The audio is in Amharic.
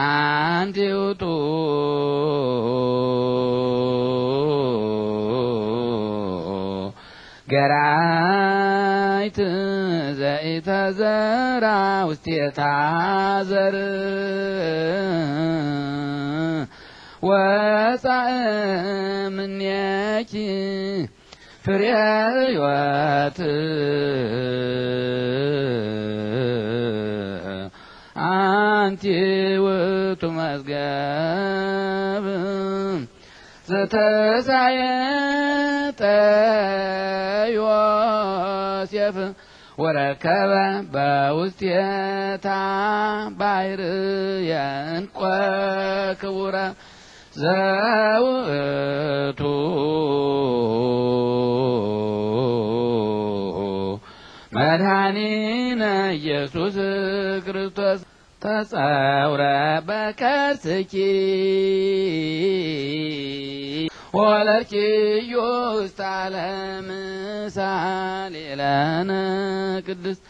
አንት ውጡ ገራይት ዘኢተዘራ ውስቴታ ዘር ወፃእ ምኔኪ ፍሬ ሕይወት አንቲ ውእቱ መዝገብ ዘተሳየ ጠዮሴፍ ወረከበ በውስቴታ ባይር የንቆ ክቡረ ዘውእቱ መድኃኒነ ኢየሱስ ክርስቶስ ተጸውረ በከርስኪ ወለርኪ ውስተ ዓለም ምሳሌ ለነ ቅድስት